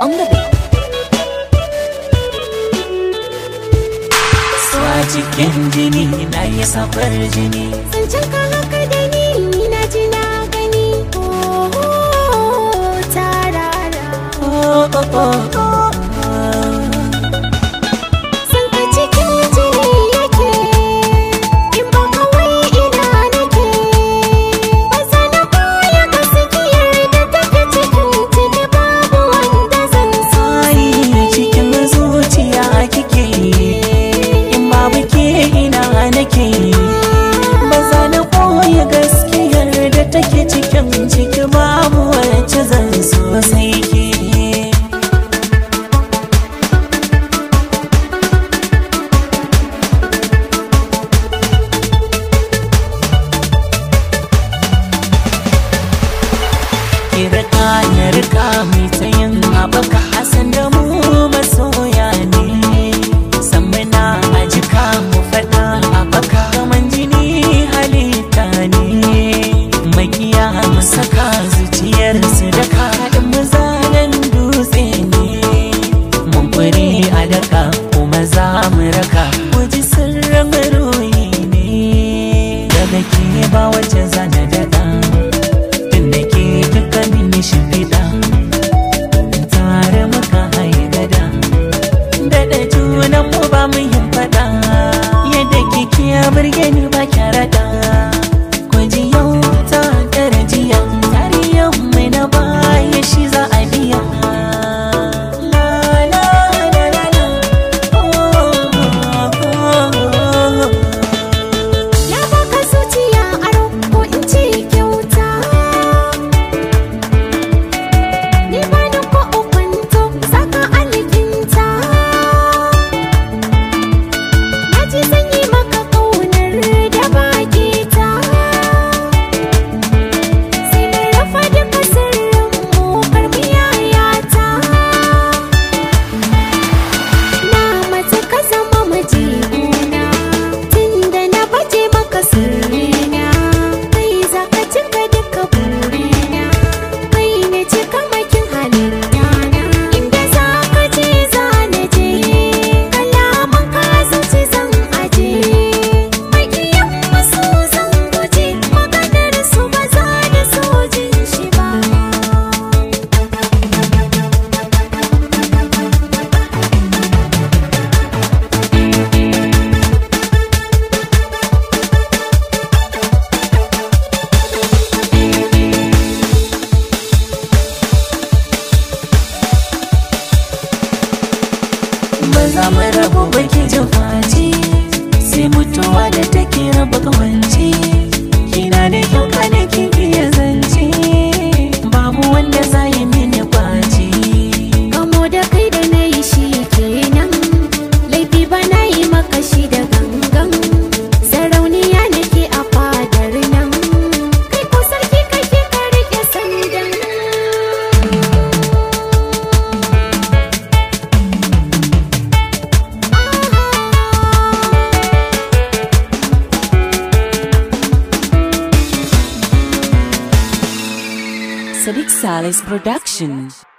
on the beat. Suwa cikin jini na yi safar jini. Zancen ka haka dai. raka na raka mai tsayin haɓaka A sanda mu masoya ne san a jika mu faɗa a baka kaman jini halitta ne makiya mu saka zuciyar su da haɗin mazanen dutse ne mun kure a daka kuma za mu raka ji sirrin ruhi ne da ba samu rabu baki jin faci sai mutuwa da take raba kawanci Sadiq Salis Production.